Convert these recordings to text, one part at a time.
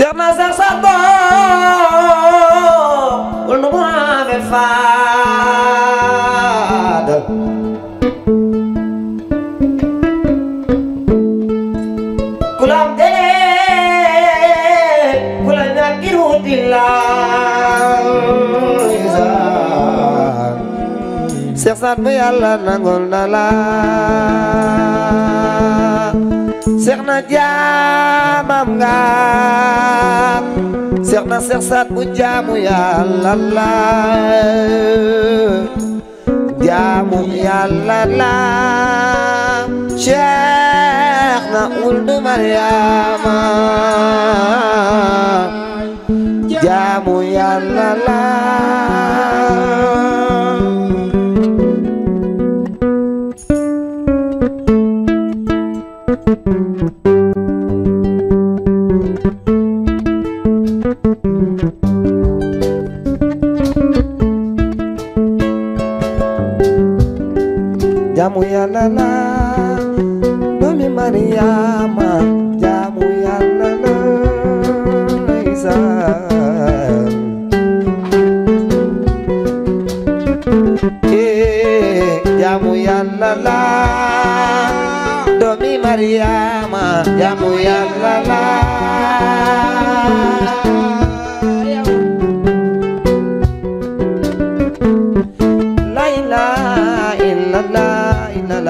Seex na Seex Saadbu wul nu Muhammad Faadal ku la am delee ku la ñàkkiru dillaay saan Seex Saadbu Yàlla nangul na la seex na jaamam nga seex jaamu yàlla jamu ya nana nomi mariama jamu ya nana isa eh jamu ya lala nomi mariama jamu ya lala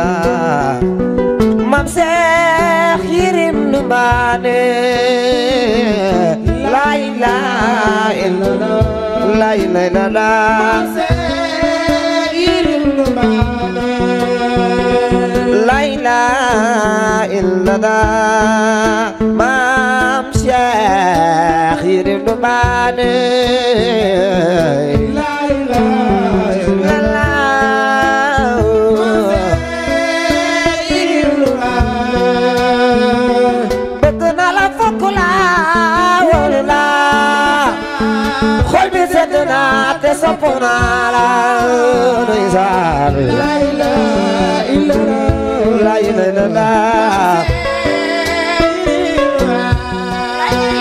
la mam Seex Yërim Ndumbaane la ilaha illallah la ilaha illallah mam Seex Yërim Ndumbaane la ilaha illallah mam Seex Yërim Ndumbaane xol bi sedd na te sopp naa la ndeysaan la ilaha illallah la ilaha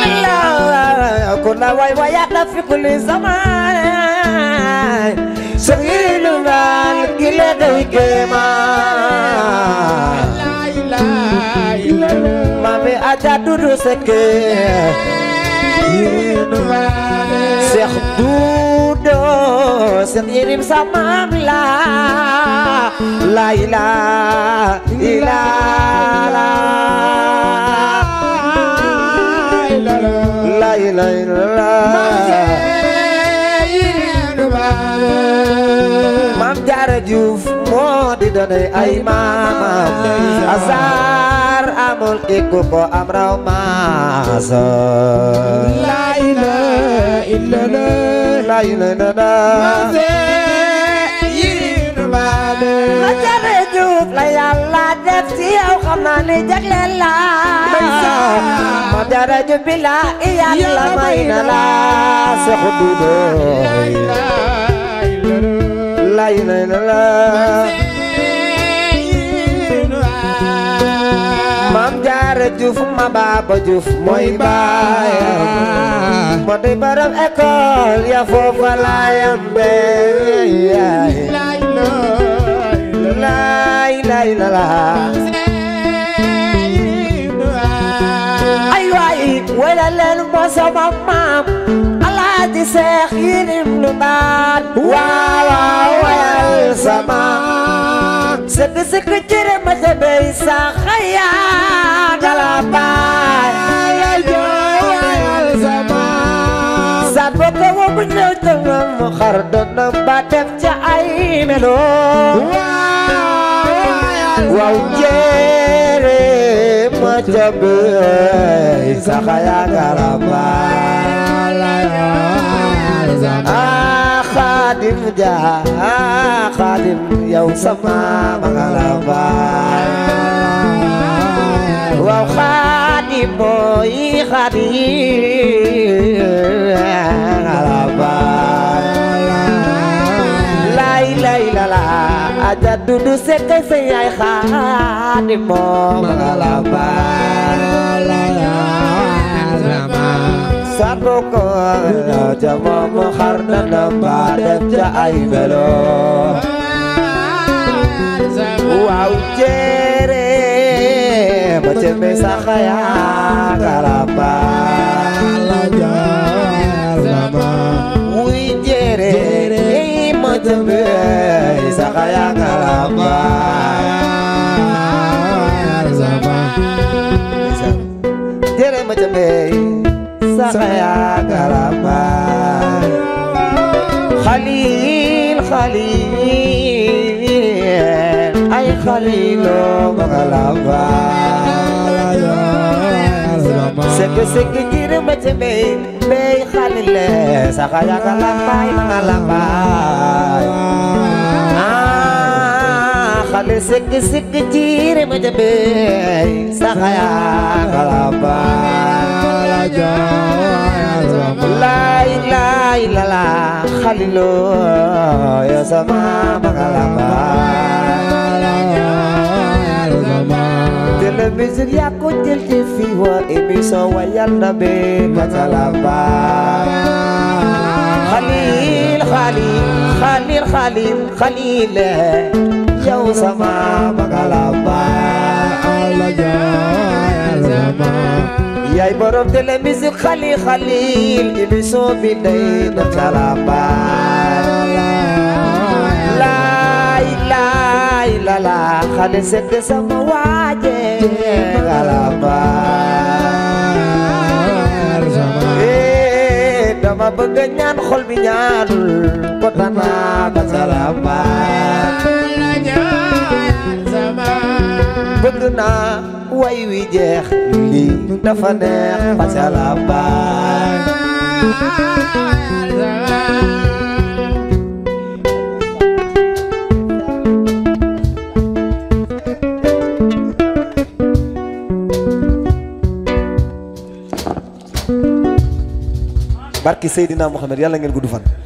illallah kuna way wayata fi kulli zaman sagilu ran kile day kema la ilaha illallah mame aja Seex Duudu seen yërim sa maam la la ilaha illallah la ilaha illallah maam Jaara Juuf moo di doonay ay maamam lamun iku kok amra masuk la ilaha illallah la ilaha illallah ma رجوك ليلا نفسي او خماني جلال لا ما درج بلا يلا ما ينلا سحدود لا لا لا لا mam jaare Juuf ma baba Juuf mooy baayam moo di borom école ya foofa laayam bee yaay laay laay laay laay ولا للمصب مام العادي ساخين من بعد واو يا السماء سد سكتير ما تبي khaya Ordon badep cai melo Wow jere macabe Sakaya garabala Khadim ja Khadim yau sama mangalaba Wow khadim boy khadim Ngalaba Aja Dudu Sekk sa yaay Xaadim moom la bala lama satu ko ja moom xar dana ba def ca ay melo waaw jere ba ca me sax yaa لي سقيا كرما خليل خليل أي خليل مغلبا سك سك كير متمين بي خليل سقيا كرما مغلبا خلي سك سك كير متمين سقيا La ilaha illallah Khalilullah ya sama makalapa Televizor ya kujil TV wa ibisa wa yandabe katalapa Khalil Khalil Khalil Khalil Khalil Ya sama makalapa yaay borom de la musique xali xalil émission bi day na caramba laay laay la la xale sedd sama waaje caramba eh, dama bëgg ñaan xol bi ñaanul ko tana ba caramba bëgg naa way wi jeex li dafa neex ca la baay barki sayidina Muhammad yalla ngeen gudd fan